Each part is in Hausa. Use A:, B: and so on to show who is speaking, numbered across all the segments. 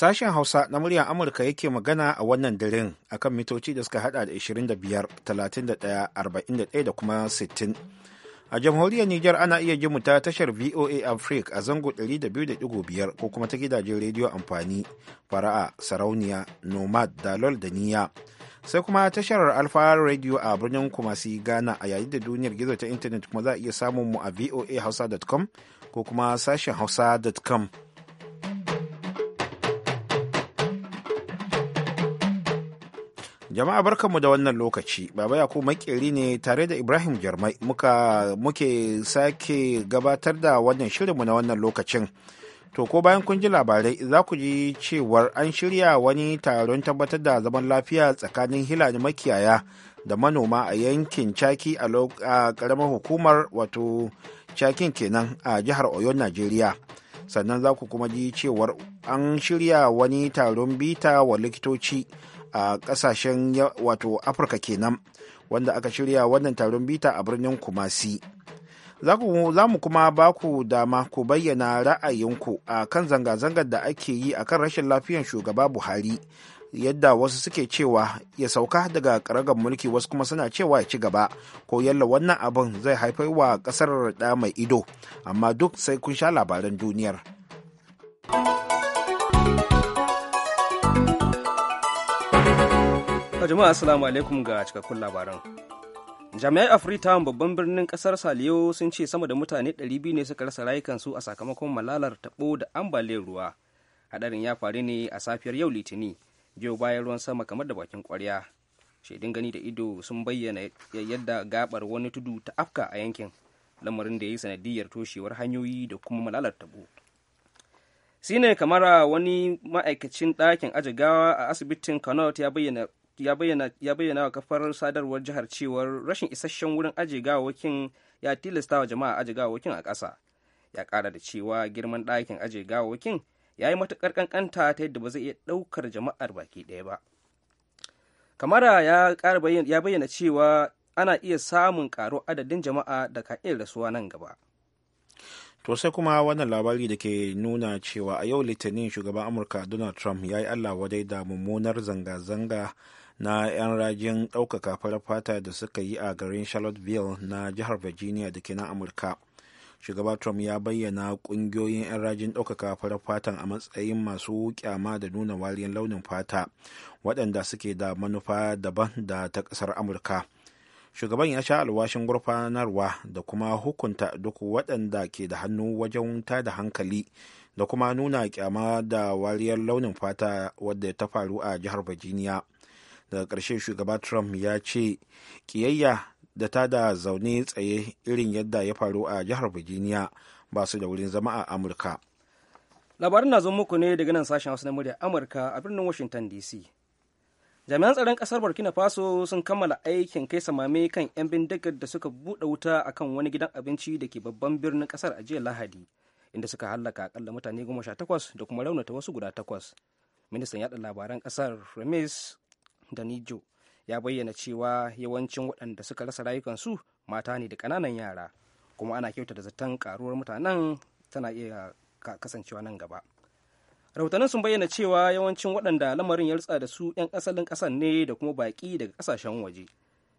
A: Sashen Hausa na muryar Amurka yake magana a wannan daren akan mitoci da suka hada da 25, 31, 41 da kuma 60. A jamhuriyar Nijar ana iya jin ta tashar VOA Africa a zango 200.5 ko kuma ta gidajen rediyo amfani fara'a sarauniya nomad dalol da niya. Sai kuma tashar Alfa Radio a birnin Kumasi Ghana a yayin da duniyar gizo ta intanet kuma za a iya samun mu a voahausa.com ko kuma sashen hausa.com. Jama'a barkanmu da wannan lokaci, Baba Yakubu makeri ne tare da Ibrahim Jarmai muke sake gabatar da wannan shirinmu na wannan lokacin. To ko bayan kun ji labarai za ku ji cewar an shirya wani taron tabbatar da zaman lafiya tsakanin Hilani makiyaya da manoma a yankin caki a karamar hukumar wato cakin kenan a jihar Oyo, Najeriya. Sannan za ku kuma ji cewar an shirya wani taron bita wa likitoci a kasashen wato afirka kenan wanda aka shirya wannan taron bita a birnin kumasi za mu kuma ba ku dama ku bayyana ra'ayinku a kan zanga-zangar da ake yi a kan rashin lafiyar shugaba buhari yadda wasu suke cewa ya sauka daga karagar mulki wasu kuma suna cewa ya ci gaba ko yalla wannan abin zai haifar wa kasar da mai ido amma duk sai kun sha labaran duniyar.
B: jama'a assalamu alaikum ga cikakkun labaran jami'ai a babban birnin kasar saliyo sun ce sama da mutane 200 ne suka rasa rayukansu a sakamakon malalar tabo da ambaliyar ruwa hadarin ya faru ne a safiyar yau litini biyo bayan ruwan sama kamar da bakin ƙwarya. shaidun gani da ido sun bayyana yadda gabar wani tudu ta afka a yankin lamarin da ya yi sanadiyar toshewar hanyoyi da kuma malalar tabo sine kamara wani ma'aikacin ɗakin ajigawa a asibitin connaught ya bayyana ya bayyana wa kafar sadarwar jihar cewar rashin isasshen wurin aji gawawakin ya tilasta wa jama'a aji gawawakin a ƙasa ya ƙara da cewa girman ɗakin aje gawawakin ya yi matuƙar ƙanƙanta ta yadda ba zai iya ɗaukar jama'ar baki ɗaya ba kamara ya bayyana cewa ana iya samun ƙaro adadin jama'a da ka iya rasuwa nan gaba
A: to sai kuma wannan labari da ke nuna cewa a yau litinin shugaban amurka donald trump ya yi allah wadai da mummunar zanga-zanga na 'yan rajin ɗaukaka farar fata da suka yi a garin charlottesville na jihar virginia da ke na amurka shugaba trump ya bayyana ƙungiyoyin 'yan rajin ɗaukaka farar fatan a matsayin masu kyama da nuna wariyar launin fata waɗanda suke da manufa daban da ta ƙasar amurka shugaban ya sha alwashin gurfanarwa da kuma hukunta duk waɗanda ke da hannu wajen ta da hankali da kuma nuna kyama da wariyar launin fata wadda ta faru a jihar virginia daga ƙarshe shugaba trump ya ce ƙiyayya da ta da zaune tsaye irin yadda ya faru a jihar virginia ba su da wurin zama a amurka
B: labarin na zo muku ne daga nan sashen wasu na murya amurka a birnin washington dc jami'an tsaron kasar burkina faso sun kammala aikin kai samame kan 'yan bindigar da suka buɗe wuta a kan wani gidan abinci da ke babban birnin kasar a jiya lahadi inda suka hallaka akalla mutane goma sha takwas da kuma raunata wasu guda takwas ministan yaɗa labaran kasar remis da nijo ya bayyana cewa yawancin waɗanda suka rasa rayukansu mata ne da ƙananan yara kuma ana kyauta da zaton karuwar mutanen tana iya kasancewa nan gaba rahotannin sun bayyana cewa yawancin waɗanda lamarin ya rutsa da su 'yan asalin ƙasar ne da kuma baƙi daga ƙasashen waje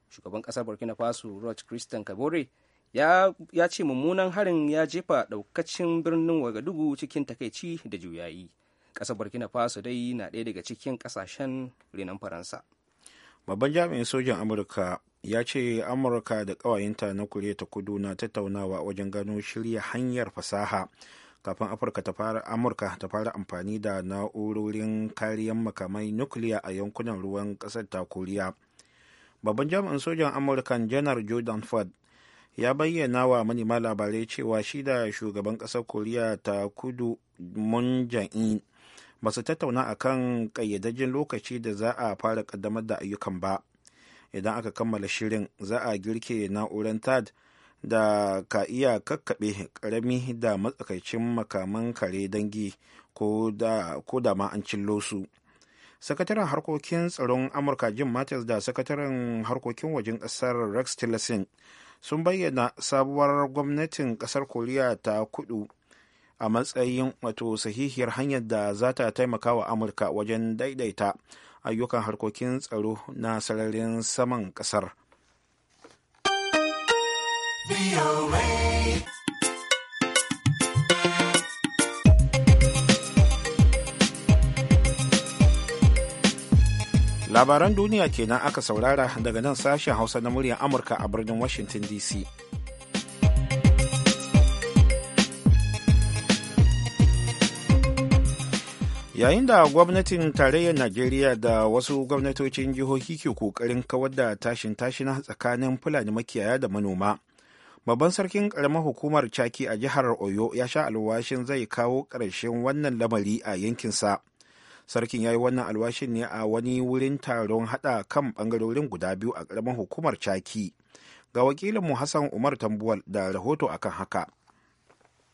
B: shugaban ƙasar burkina faso roch christian kabore ya ce mummunan harin ya jefa ɗaukacin birnin wagadugu cikin takaici da juyayi ƙasar burkina faso dai na ɗaya daga cikin ƙasashen renon faransa
A: babban jami'in sojan amurka ya ce amurka da ƙawayenta na koriya ta kudu na tattaunawa wajen gano shirya hanyar fasaha kafin afirka ta fara amurka ta fara amfani da na'urorin kariyar makamai nukiliya a yankunan ruwan ƙasar ta koriya babban jami'in sojan amurka janar jordan ford ya bayyana wa manema labarai cewa shida shugaban ƙasar koriya ta kudu mun ba su tattauna a kan ƙayyadajjen lokaci da za a fara ƙaddamar da ayyukan ba idan aka kammala shirin za a girke na'urar tad da ka iya kakkaɓe ƙarami da matsakaicin makaman kare dangi ko da ma an cillo su sakataren harkokin tsaron amurka jim mattis da sakataren harkokin wajen ƙasar rex tillerson sun bayyana sabuwar gwamnatin ƙasar koriya ta kudu a matsayin wato sahihiyar hanyar da za ta taimaka wa amurka wajen daidaita ayyukan harkokin tsaro na sararin saman kasar labaran duniya kenan aka saurara daga nan sashen hausa na muryar amurka a birnin washington dc yayin da gwamnatin tarayyar najeriya da wasu gwamnatocin jihohi ke kokarin kawar da tashin tashina tsakanin fulani makiyaya da manoma babban sarkin karamar hukumar caki a jihar oyo ya sha alwashin zai kawo ƙarshen wannan lamari a yankinsa sarkin ya yi wannan alwashin ne a wani wurin taron haɗa kan ɓangarorin guda biyu a karamar hukumar caki ga wakilinmu hassan umar tambuwal da rahoto akan haka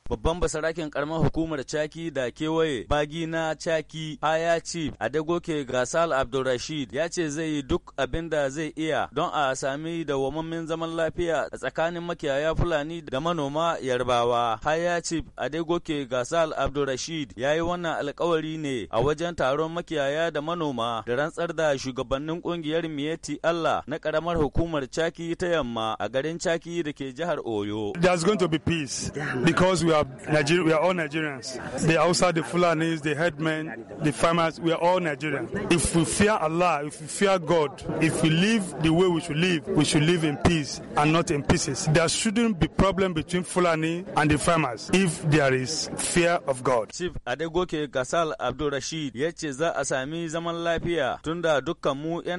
C: babban basarakin karamar hukumar Caki da kewaye bagi na Chaki Hayaci, Chief Adagoke Gasal Abdulrashid ya ce zai yi duk abin da zai iya don a sami wamammin zaman lafiya a tsakanin makiyaya Fulani da manoma Yarbawa. Hayaci, Chief Adagoke Gasal Abdulrashid ya yi wannan alkawari ne a wajen taron makiyaya da manoma da rantsar da shugabannin kungiyar Miyetti Allah na karamar hukumar Caki ta yamma a garin Caki da ke jihar Oyo. going to are,
D: we are all Nigerians. The outside, the Fulanis, the headmen, the farmers, we are all Nigerians. If we fear Allah, if we fear God, if we live the way we should live, we should live in peace and not in pieces. There shouldn't be problem between Fulani and the farmers if there is fear
C: of God. Chief Adegoke Abdul Rashid za a sami zaman lafiya tunda dukkan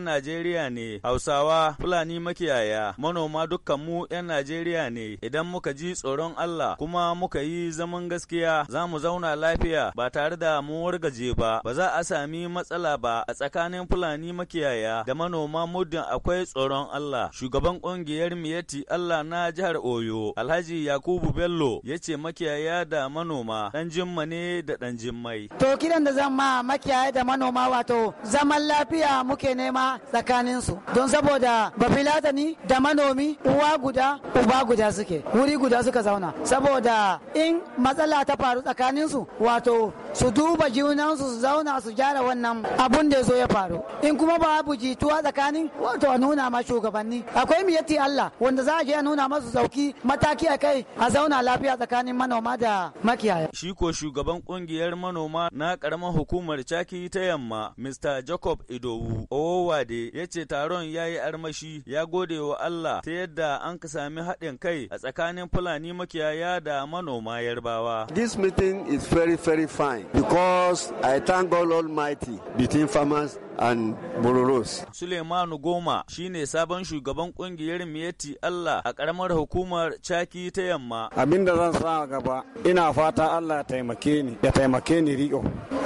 C: Najeriya ne, Hausawa, Fulani makiyaya, manoma dukkan Najeriya ne. Idan muka ji tsoron Allah kuma muka yi yi zaman gaskiya za mu zauna lafiya ba tare da mu wargaje ba ba za a sami matsala ba a tsakanin fulani makiyaya da manoma muddin akwai tsoron Allah shugaban kungiyar miyati Allah na jihar Oyo Alhaji Yakubu Bello ya ce makiyaya da manoma dan jimma ne da dan jimmai to kidan da zan ma makiyaya da manoma wato zaman lafiya muke nema tsakanin su don saboda bafilatani da manomi uwa guda uba guda suke wuri guda suka zauna saboda in matsala ta faru tsakaninsu wato su duba junansu su zauna su gyara wannan abun da zo ya faru in kuma ba babu jituwa tsakanin wato a nuna ma shugabanni akwai miyatti Allah wanda za a je a nuna masu sauki mataki a kai a zauna lafiya tsakanin manoma da makiyaya shi ko shugaban kungiyar manoma na karamar hukumar caki ta yamma Mr Jacob Idowu Owowade ya ce taron yayi armashi ya gode wa Allah ta yadda an ka sami haɗin kai a tsakanin Fulani makiyaya da manoma ma yarbawa.
E: This meeting is very very fine because I thank God Almighty between farmers and Bororos.
C: Suleimanu Goma shine sabon shugaban kungiyar Miyeti Allah a karamar hukumar Chaki ta yamma. abin da zan sa
F: gaba ina fata Allah taimake ni ya taimake ni riƙo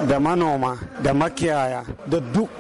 F: da manoma da makiyaya da duk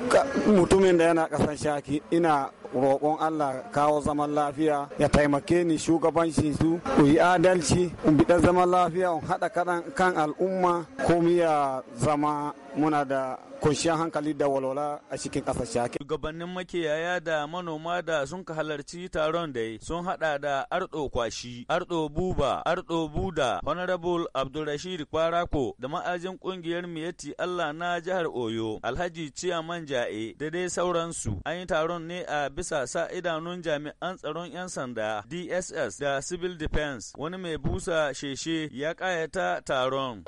F: mutumin da yana kasan Chaki ina roƙon Allah kawo zaman lafiya ya taimake ni shugabanci su ku yi adalci in bi zaman lafiya on haɗa kan al'umma komiya miya zama muna da kwanciyar hankali da walwala a cikin
E: ƙasashe.
C: Shugabannin makiyaya da manoma da sun ka halarci taron da sun haɗa da Ardo Kwashi, Ardo Buba, Ardo Buda, Honorable Abdulrashid Kwarako da ma'ajin ƙungiyar Miyati Allah na jihar Oyo, Alhaji Ciyaman Ja'e da dai sauransu. An yi taron ne a bisa sa idanun jami'an tsaron 'yan sanda, DSS da Civil Defense, wani mai busa sheshe ya ƙayata taron.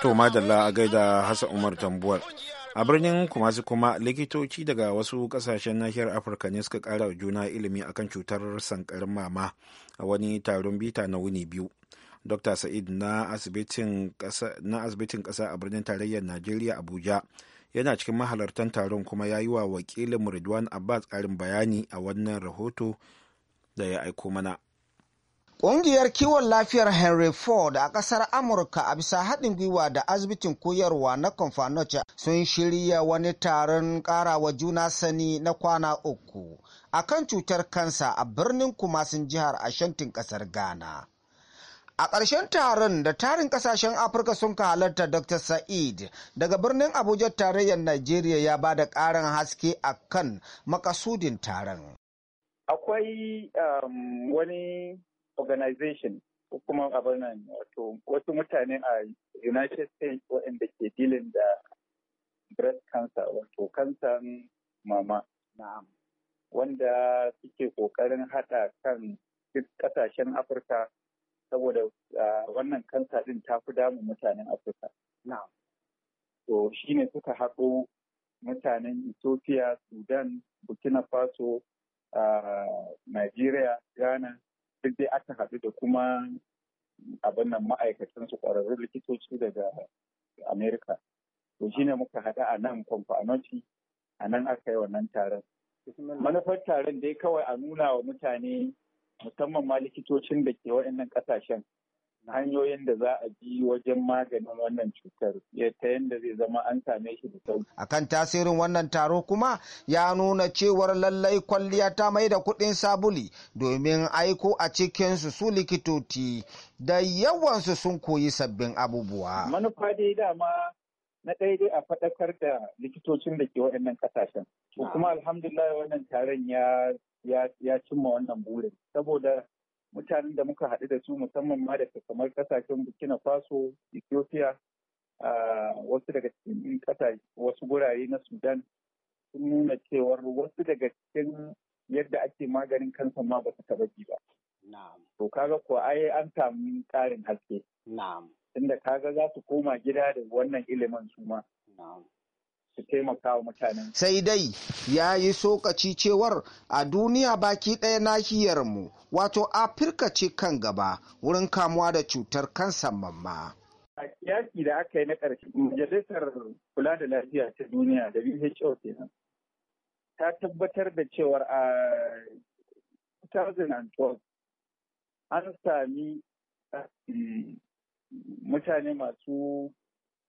A: To madalla a gaida Hassan Umar tambuwar A birnin Kumasi kuma likitoci daga wasu kasashen nahiyar Afirka ne suka kara juna ilimi akan cutar sankarin mama a wani taron bita na wuni biyu. Dr. Sa'id na asibitin ƙasa a birnin tarayyar Najeriya Abuja yana cikin mahalartan taron kuma ya yi wa wakilin Ridwan Abbas ƙarin bayani a wannan rahoto da ya aiko mana. Ƙungiyar kiwon lafiyar Henry Ford a
E: ƙasar Amurka a bisa haɗin gwiwa da asibitin koyarwa na Confanocha sun shirya wani taron ƙarawa juna sani na kwana uku a kan cutar kansa a birnin Kumasin jihar Ashantin ƙasar Ghana. A ƙarshen taron da tarin ƙasashen Afirka sun ka halarta Dr. Sa'id daga birnin Abuja tarayyar Najeriya ya ba da ƙarin haske a kan makasudin taron.
F: Akwai um, wani organization ko kuma abin wato wasu mutane a United States waɗanda ke dilin da breast cancer wato kansan mama. Na'am. Wanda suke ƙoƙarin haɗa kan ƙasashen Afirka saboda wannan kansa ɗin ta fi damun mutanen Afirka. Na'am. To shi suka haɗo mutanen Ethiopia, Sudan, Burkina Faso, Nigeria, Ghana, duk dai aka haɗu da kuma abin nan ma'aikatan su ƙwararrun likitoci daga amerika to shine muka haɗa a nan kwamfa a nan aka yi wannan taron manufar taron dai kawai a nuna wa mutane musamman ma likitocin da ke waɗannan ƙasashen hanyoyin da za a bi
E: wajen maganin wannan cutar ta yadda zai zama an same shi da sauki. kan tasirin wannan taro kuma ya nuna cewar lallai kwalliya ta mai da kuɗin sabuli domin aiko a cikinsu su likitoci da yawansu sun koyi sabbin abubuwa.
F: Manufa dai dama na daidai a faɗakar da likitocin da ke waɗannan ƙasashen. Kuma alhamdulillah wannan taron ya cimma wannan burin saboda mutanen da muka haɗu da su musamman ma daga kamar kasashen burkina faso ethiopia wasu daga cikin ƙasa wasu gurare na sudan sun nuna cewar wasu daga cikin yadda ake maganin kansa ma ba su taɓa ji ba. To kaga ko ai an samu ƙarin haske. Tunda kaga za su koma gida da wannan ilimin su
E: ma. su taimaka wa mutanen. Sai dai ya yi sokaci cewar a duniya baki ɗaya nahiyar mu wato Afirka ce kan gaba wurin kamuwa da cutar kansan mamma.
F: A kiyasi da aka yi na ƙarshe, Majalisar Kula da Lafiya ta Duniya WHO kenan ta tabbatar da cewar a 2012 an sami eh, mutane masu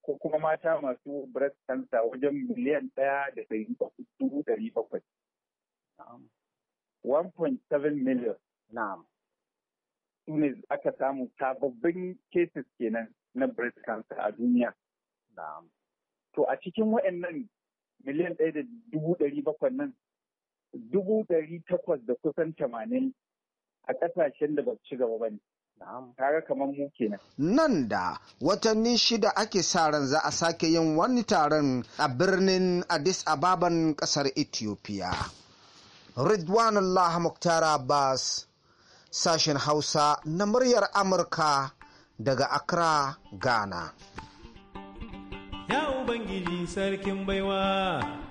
F: ko kuma mata masu breast cancer wajen miliyan ɗaya da ɗari dubu ɗari bakwai. 1.7 million. Na'am. Su ne aka samu sababbin cases kenan na breast cancer a duniya. Na'am. To a cikin wa'annan miliyan ɗaya da dubu ɗari bakwai nan dubu ɗari takwas da kusan tamanin a ƙasashen da ba su ci gaba ba ne. Kaga kamar mu kenan.
E: Nan da watanni shida ake sa ran za a sake yin wani taron a birnin Addis Ababan kasar Ethiopia. Ridwanullah Muktar Abbas, sashen Hausa na muryar Amurka daga Accra, Ghana.
C: Ya Ubangiji Sarkin Baiwa.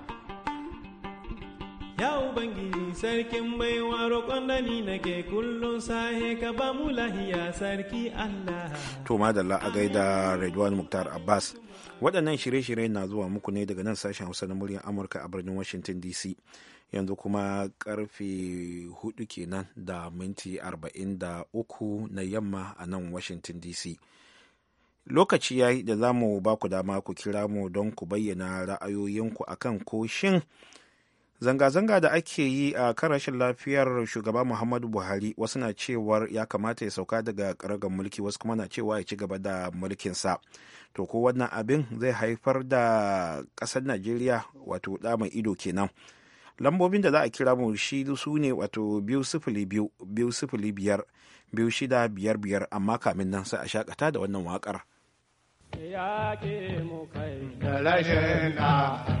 C: Ya Ubangiji sarkin baiwa roƙon da nake kullum sahe ka ba mu lahiya sarki Allah.
A: To madalla a gaida Redwan Muktar Abbas. Waɗannan shirye-shirye na zuwa muku ne daga nan sashen Hausa na muryar Amurka a birnin Washington DC. Yanzu kuma karfe hudu kenan da minti arba'in da uku na yamma a nan Washington DC. Lokaci ya yi da za mu ba ku dama ku kira mu don ku bayyana ra'ayoyinku akan ko shin zanga-zanga da ake yi a kan rashin lafiyar shugaba muhammadu buhari wasu na cewar ya kamata ya sauka daga karagar mulki wasu kuma na cewa ya ci gaba da mulkinsa to ko wannan abin zai haifar da ƙasar najeriya wato ɗa mai ido kenan lambobin da za a kira mu shi su ne wato biyu sifili biyu biyu sifili biyar biyu shida biyar biyar amma kamin nan sai a shakata da wannan wakar.
B: yaƙi mu kai da rashin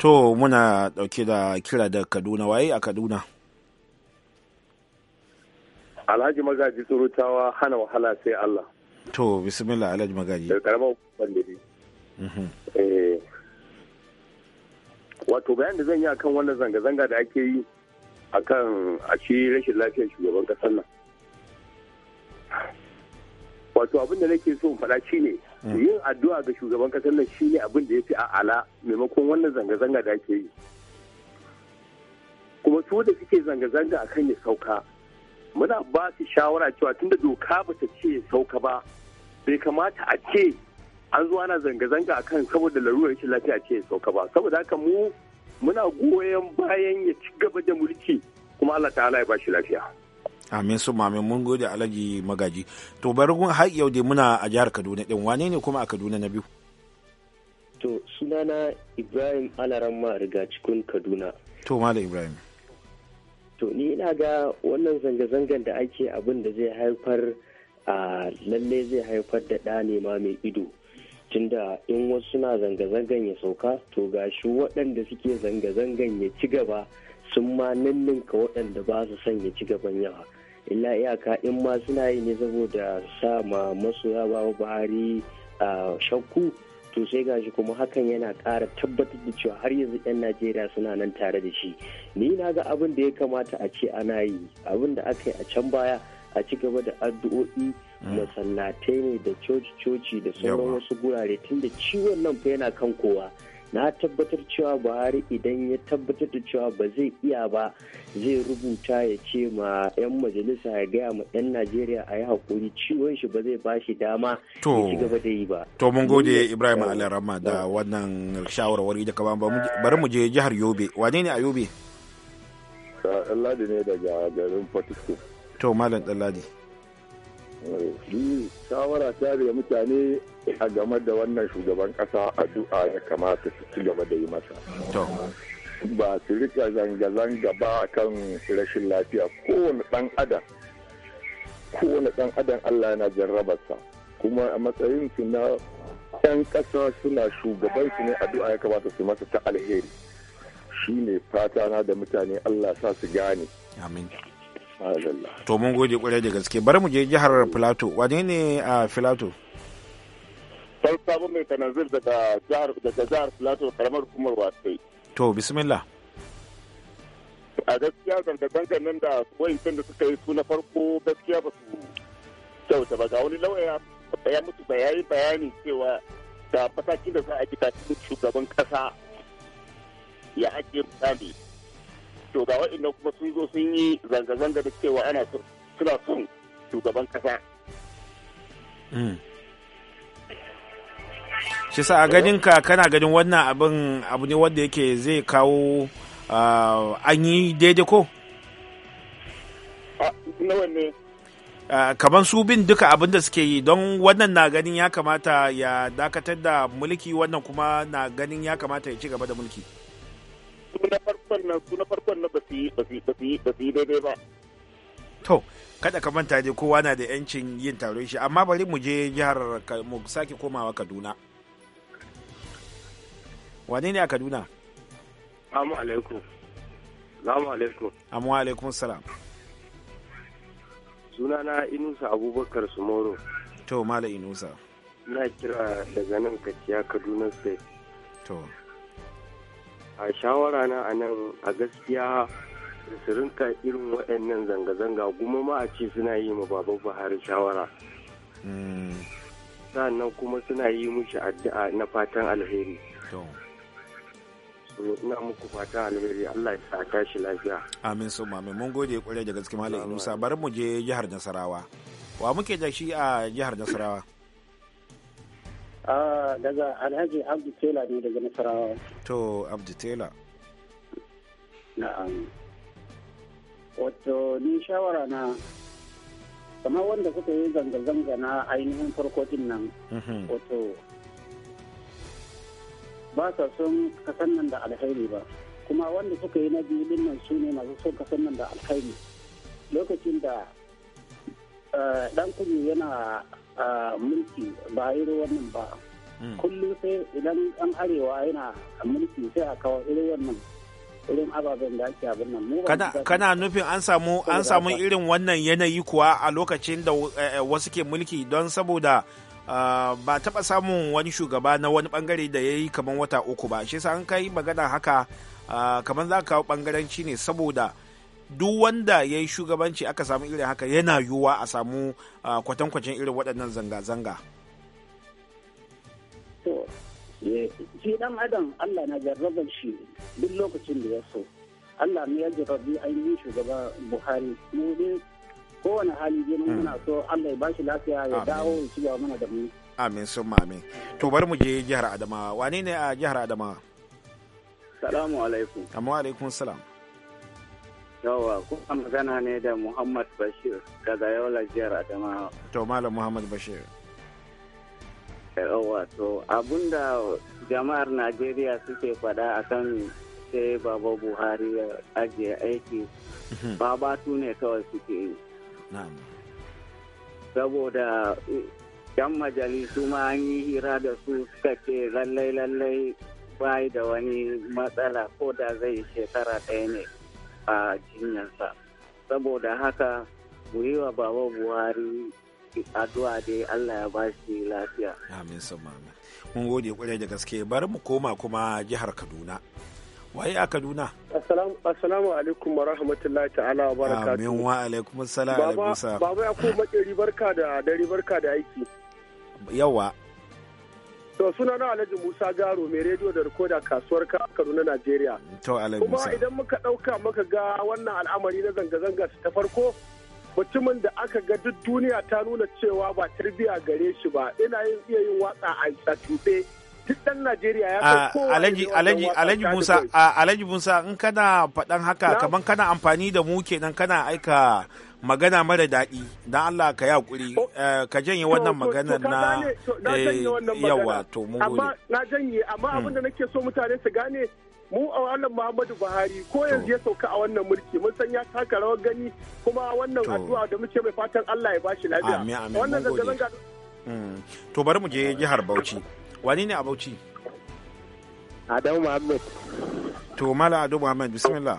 A: to muna dauke da kira da kaduna waye a kaduna
D: alhaji magaji tsorotawa hana wahala sai allah
A: to bismillah alhaji magaji da
D: karamar bandiri mhm. eh, wato bayan da zan yi akan wannan zanga-zanga da ake yi akan a ci rashin lafiyar shugaban kasar nan wato abin da nake so faɗa shi ne. Mm. yin addu'a ga shugaban kasar nan shine abin da ya fi a'ala maimakon wannan zanga-zanga da ake yi kuma su da suke zanga-zanga a kan ya sauka muna ba su shawara cewa tunda doka ba ta ce ya sauka ba bai kamata a ce an zuwa na zanga-zanga a kan saboda larurar rashin lafiya ce ya sauka ba saboda haka mu muna goyon bayan ya ci gaba da mulki kuma Allah ta'ala ya ba shi lafiya.
A: amin su mamin mun gode alhaji magaji to bari kun har yau dai muna a jihar kaduna din wane ne kuma a kaduna na biyu
G: to sunana ibrahim alaramma riga cikin kaduna
A: to malam ibrahim
G: to ni ina ga wannan zanga-zangan da ake abin da zai haifar a lalle zai haifar da ɗa ne ma mai ido tunda in wasu suna zanga-zangan ya sauka to ga shi waɗanda suke zanga-zangan ya ci gaba sun ma ninninka waɗanda ba su son ya ci gaban yawa illa iyaka in ma suna yi ne saboda sa ma masoya ba buhari shakku to sai gashi kuma hakan yana kara tabbatar da cewa har yanzu 'yan najeriya suna nan tare da shi ni na ga abin da ya kamata a ce ana yi abin da aka yi a can baya a ci gaba da addu'o'i mm. masallatai ne da coci-coci da sauran wasu gurare tunda ciwon nan fa yana kan kowa na tabbatar cewa buhari idan ya tabbatar da cewa ba zai iya ba zai rubuta ya ce ma 'yan majalisa ya gaya ma 'yan najeriya a yi haƙuri ciwon shi ba zai ba shi dama ya ci gaba da yi ba to mun gode ibrahim eh, alarama
A: da eh. wannan shawarwari da kaba bari mu je jihar yobe wane ne a yobe
D: ɗanladi ne daga garin fortisco
A: to malam ɗanladi
D: eh, shawara ta daga mutane a game da wannan shugaban ƙasa addu'a ya kamata su ci gaba da yi masa ba su rika zanga-zanga ba kan rashin lafiya kowane ɗan adam kowane ɗan adam Allah yana jarrabarsa kuma a matsayin su na 'yan ƙasa suna shugaban su ne addu'a ya kamata su masa ta alheri shine fata na da mutane Allah sa su gane
A: amin to mun gode kwarai da gaske bari mu je jihar Filato wani ne a Filato
D: Sai sabon mai tanazir daga jihar daga jihar Filato karamar hukumar Wasai
A: to bismillah
D: a gaskiya zanga nan da wayancan da suka yi su na farko gaskiya ba su kyauta ba ga wani lauya ya mutu bayani bayani cewa da matakin da za a gida cikin shugaban kasa ya ake misali to ga waɗanda kuma sun zo sun yi zanga-zanga da cewa ana suna son shugaban kasa
A: mm. shi sa a ganin ka kana ganin wannan abin abu ne wanda yake zai kawo ah, an yi daidai ko ah, ah, kamar su bin duka abin da suke yi don wannan na ganin ya kamata ya dakatar da mulki wannan kuma na ganin ya kamata ya ci gaba da mulki
D: na farkon na su na farkon na ba su yi daidai ba
A: to kada ka manta dai kowa na da yancin yin taron shi amma bari mu je jihar mu sake komawa kaduna wane ne a kaduna
G: amu alaikum. Salamu alaikum.
A: Amu alaikum salam.
G: Sunana Inusa Abubakar Sumoro.
A: To, Mala Inusa.
G: Na kira daga nan Kaciya Kaduna State. To. A shawara na a nan a gaskiya su rinka irin waɗannan zanga-zanga kuma ma a ce suna yi ma baban Buhari shawara. Mm. Sannan kuma suna yi mushi addu'a na fatan alheri. ina muku fata alheri Allah ya sa tashi lafiya
A: amin sun mamin mun gode kwarai da gaske malam Musa bari mu je jihar Nasarawa wa muke da shi a jihar Nasarawa
G: ah, daga Alhaji Abdu Tela ne daga Nasarawa
A: to Abdu Tela
G: na'am wato ni shawara na kamar wanda kuka yi zanga-zanga na ainihin farko nan mhm. wato ba sa son kasan nan da alkhairi ba kuma wanda suka yi na biyu nan su ne masu son kasan nan da alkhairi lokacin da eh, dan kudu yana eh, mulki ba irin wannan ba hmm. kullum sai idan an arewa yana mulki sai a kawo irin wannan irin ababen da ake abin nan kana
A: nufin an samu an samu irin wannan yanayi kuwa a lokacin da eh, wasu ke mulki don saboda Ah, ba taɓa samun wani shugaba na wani bangare da ya yi kamar wata uku ba shi sa an kai magana haka ah, kamar za ka kawo bangaranci ne saboda duk wanda ya yi shugabanci aka samu irin haka yana yiwuwa a samu ah, kwatankwacin irin waɗannan zanga-zanga.
G: shi ɗan Allah na jarrabar shi duk lokacin da ya so. Allah ne ya jarrabi ainihin shugaba Buhari. Mu
A: kowane hali dai hmm. muna so Allah ya bashi lafiya ya dawo ya ci gaba mana da mu amin sun amin to bari mu je jihar Adamawa wane ne a jihar Adamawa salamu alaikum amma alaikum salam
G: yawa kuma magana ne da Muhammad Bashir daga Yola jihar Adamawa
A: to malam Muhammad Bashir
G: yawa to abinda jama'ar Najeriya suke faɗa akan sai baba Buhari ya ajiye aiki mhm. babatu ne kawai suke yi saboda eh, yan majalisu ma an yi hira da su suka ce lallai lallai bai da wani matsala ko da zai shekara ɗaya ne a jinyarsa saboda haka mu yi wa baba buhari addu'a dai allah ya ba shi lafiya
A: amin mun gode kwarai da gaske bari mu koma kuma jihar kaduna waye a kaduna
D: assalamu alaikum wa rahmatullahi ta'ala wa barakatuhu amin
A: wa alaikum assalam alaikum sa baba
D: ya ku makeri barka da dare barka da aiki yawa to suna na alhaji musa garo mai rediyo da rikoda kasuwar kaduna nigeria. to alhaji kuma idan muka dauka muka ga wannan al'amari na zanga-zanga ta farko mutumin da aka ga duk duniya ta nuna cewa ba tarbiya gare shi ba ina yin iya yin watsa a tuɓe Alhaji Musa
A: Alhaji Musa in kana faɗan haka kaman kana amfani da mu kenan kana aika magana mara daɗi don Allah ka yi hakuri eh, ka janye wannan magana na yawa to mu gode
D: na janye amma hmm. abin da nake so mutane su gane mu a wannan Muhammadu Buhari ko yanzu ya sauka a wannan mulki mun san ya taka rawar gani kuma wannan addu'a da muke mai fatan Allah ya bashi lafiya wannan zanga-zanga
A: hmm. to bari mu je jihar Bauchi wani ne a bauchi adamu muhammad to mala adamu muhammad bismillah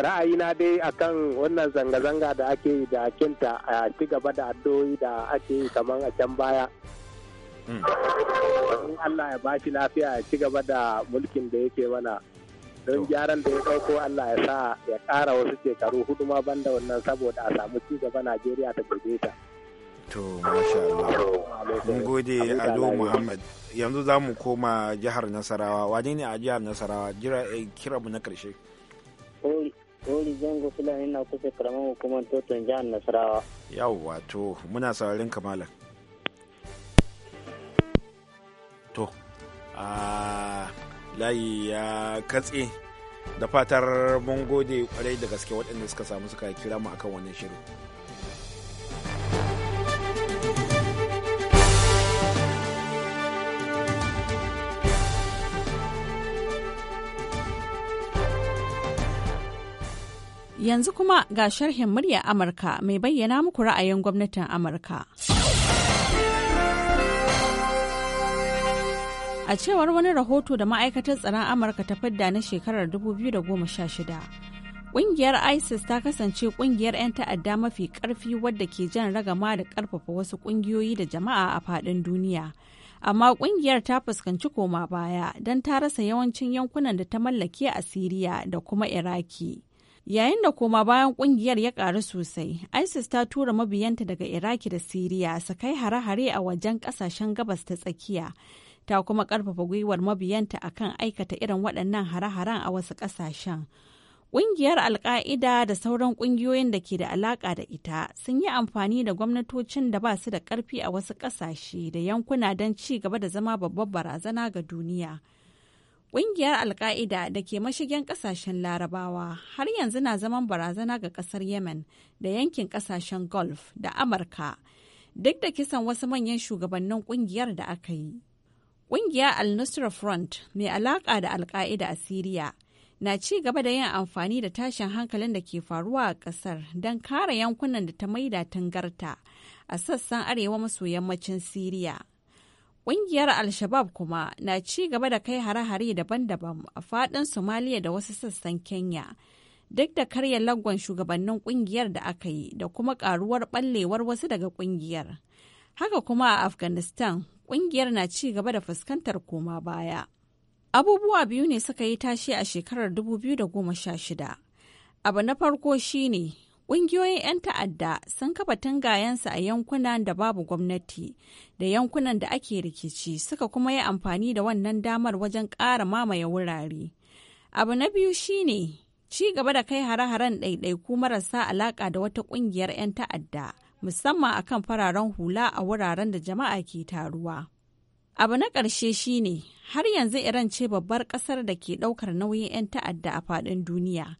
G: ra'ayina dai a kan wannan zanga-zanga da ake yi da kinta a ci gaba da addu'o'i da ake yi kamar a can baya hmm. in Allah ya bashi lafiya ya ci gaba da mulkin da yake mana don gyaran da ya ɗauko Allah ya sa ya ƙara wasu shekaru hudu ma banda wannan saboda a samu ci gaba Najeriya ta gobe ta.
A: to masha Allah mun gode ado muhammad yanzu za mu koma jihar nasarawa wane ne a jihar nasarawa jira eh, kira mu na karshe
G: Ori zango fulani na kusa karamin
A: hukumar toton jihar nasarawa yau wato muna saurin kamala to a layi ya katse da fatar mun gode kwarai da gaske waɗanda suka samu suka kira mu akan wannan shirin
H: Yanzu kuma ga sharhin murya Amurka mai bayyana muku ra'ayin gwamnatin Amurka. A cewar wani rahoto da ma'aikatar tsaron Amurka ta fidda na shekarar 2016. Ƙungiyar ISIS ta kasance ƙungiyar 'yan ta'adda mafi ƙarfi wadda ke jan ragama da ƙarfafa wasu ƙungiyoyi da jama'a a faɗin duniya. Amma ƙungiyar ta fuskanci koma baya don ta rasa yawancin yankunan da ta mallake a Siriya da kuma Iraki. Yayin da koma bayan kungiyar ya ƙaru sosai, ISIS ta tura mabiyanta daga Iraki da Siriya su kai hare-hare a wajen ƙasashen gabas ta tsakiya. Ta kuma ƙarfafa gwiwar mabiyanta akan aikata irin waɗannan hare-haren a wasu ƙasashen. Ƙungiyar Alƙa'ida da sauran ƙungiyoyin da ke da alaƙa da ita sun yi amfani da gwamnatocin da ba su da ƙarfi a wasu ƙasashe da yankuna don ci gaba da zama babbar barazana ga duniya. Ƙungiyar Alka'ida da ke mashigen ƙasashen Larabawa har yanzu na zaman barazana ga ƙasar Yemen da yankin ƙasashen Gulf da Amurka duk da kisan wasu manyan shugabannin ƙungiyar da aka yi. Ƙungiyar Al-Nusra Front mai alaƙa da Alka'ida a Siriya na ci gaba da yin amfani da tashin hankalin da ke faruwa a ƙasar don kare yankunan da ta maida tangarta a sassan arewa maso yammacin Siriya. Ƙungiyar Al-Shabab kuma na ci gaba da kai hare-hare daban-daban a faɗin Somalia da wasu sassan Kenya. Duk da karya lagwan shugabannin ƙungiyar da aka yi da kuma ƙaruwar ɓallewar wasu daga ƙungiyar. Haka kuma a Afghanistan, ƙungiyar na ci gaba da fuskantar koma baya. Abubuwa biyu ne suka yi tashi a shekarar 2016. Abu na farko shine Ƙungiyoyin 'yan ta'adda sun kafa tangayensu a yankunan da babu gwamnati da yankunan da ake rikici suka kuma yi amfani da wannan damar wajen ƙara mamaye wurare. Abu na biyu shine ci gaba da kai hare-haren ɗaiɗaiku marasa alaƙa da wata ƙungiyar 'yan ta'adda musamman akan fararen hula a wuraren da jama'a ke taruwa. Abu na ƙarshe shine har yanzu Iran ce babbar ƙasar da ke ɗaukar nauyin 'yan ta'adda a faɗin duniya.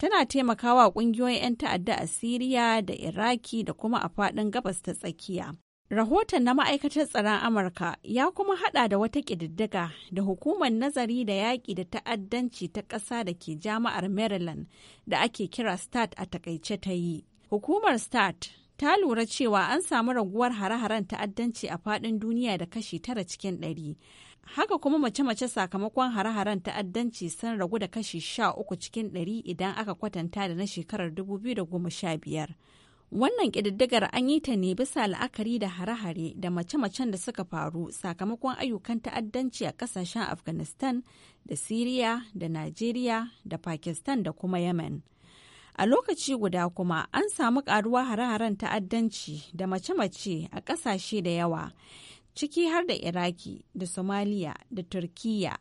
H: tana taimakawa ƙungiyoyin 'yan ta'adda a Siriya da Iraki da kuma a fadin gabas ta tsakiya. Rahoton na ma'aikatar tsaron Amurka ya kuma hada da wata ƙididdiga da hukumar nazari da yaƙi da ta'addanci ta ƙasa da ke jami'ar Maryland da ake kira START a takaice ta yi. Hukumar START ta lura cewa an samu raguwar hare-haren ta'addanci a fadin duniya da kashi tara cikin ɗari. Haka kuma mace-mace sakamakon hare-haren ta'addanci sun ragu da kashi sha uku cikin ɗari idan aka kwatanta da na shekarar 2015. Wannan ƙididdigar an yi ta ne bisa la'akari da hare-hare da mace-macen da suka faru sakamakon ayyukan ta'addanci a ƙasashen Afghanistan da Siriya da Najeriya da Pakistan da kuma Yemen. A lokaci guda kuma an samu karuwa hare-haren ta'addanci da mace-mace a ƙasashe da yawa, ciki har da Iraki da Somaliya da Turkiyya,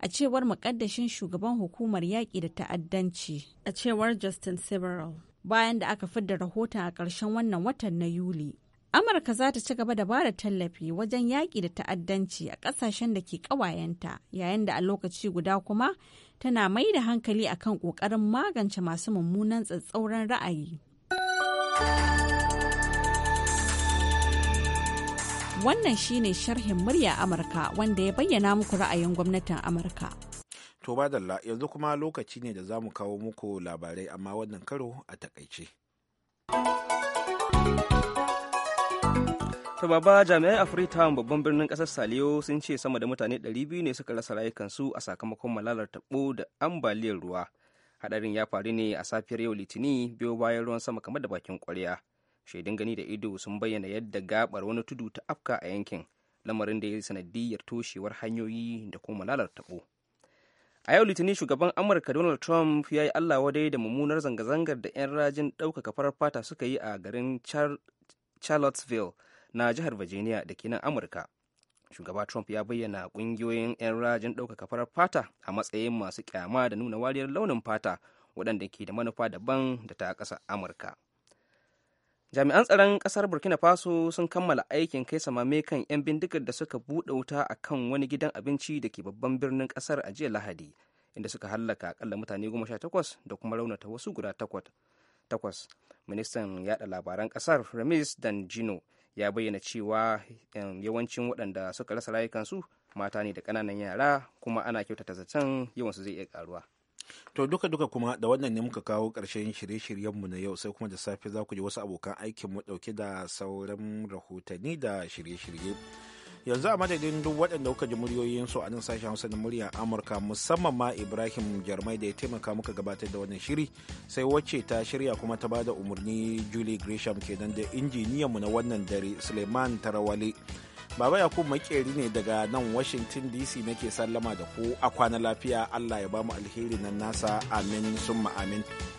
H: a cewar muƙaddashin shugaban hukumar yaƙi da ta'addanci, a cewar Justin Several. Bayan da aka fidda rahoton a ƙarshen wannan watan na Yuli. Amurka za ta ci gaba da bada tallafi wajen yaƙi da ta'addanci a ƙasashen da ke ƙawayenta yayin da a lokaci guda kuma tana mai da hankali a kan ƙoƙarin magance masu mummunan tsatsauran ra'ayi. Wannan shi ne sharhin murya Amurka wanda ya bayyana muku ra'ayin gwamnatin Amurka.
A: To dalla yanzu kuma lokaci ne da za mu kawo muku labarai amma wannan karo a takaice.
B: ta baba jami'ai a freetown babban birnin kasar saliyo sun ce sama da mutane 200 ne suka rasa rayukansu a sakamakon malalar tabo da ambaliyar ruwa hadarin ya faru ne a safiyar yau litini biyo bayan ruwan sama kamar da bakin kwarya shaidun gani da ido sun bayyana yadda gabar wani tudu ta afka a yankin lamarin da ya yi sanadiyar toshewar hanyoyi da kuma malalar tabo a yau litinin shugaban amurka donald trump ya yi allah wadai da mummunar zanga-zangar da 'yan rajin ɗaukaka farar fata suka yi a garin Char charlottesville na jihar virginia da ke nan amurka shugaba trump ya bayyana kungiyoyin 'yan rajin ɗaukaka farar fata a matsayin masu kyama da nuna wariyar launin fata waɗanda ke da manufa daban da ta ƙasa amurka jami'an tsaron ƙasar burkina faso sun kammala aikin kai samame kan 'yan bindigar da suka buɗe wuta a kan wani gidan abinci da ke babban birnin ƙasar a jiya lahadi inda suka hallaka akalla mutane goma sha takwas da kuma raunata wasu guda takwas ministan yaɗa labaran ƙasar remis danjino ya bayyana cewa yawancin waɗanda suka rasa rayukansu mata ne da ƙananan yara kuma ana kyautata zaton yawansu zai iya karuwa.
A: To duka duka kuma da wannan ne muka kawo ƙarshen shirye-shiryenmu na yau sai kuma da safe za ku ji wasu abokan aikinmu ɗauke da sauran rahotanni da shirye-shirye. yanzu a madadin duk waɗanda kuka ji muryoyin su a nan sashen hausa na muryar amurka musamman ma ibrahim jarmai da ya taimaka muka gabatar da wannan shiri sai wacce ta shirya kuma ta bada umarni julie gresham kenan da injiniyan mu na wannan dare suleiman tarawale baba yakubu makeri ne daga nan washington dc nake sallama da ku a kwana lafiya allah ya bamu alheri nan nasa amin summa amin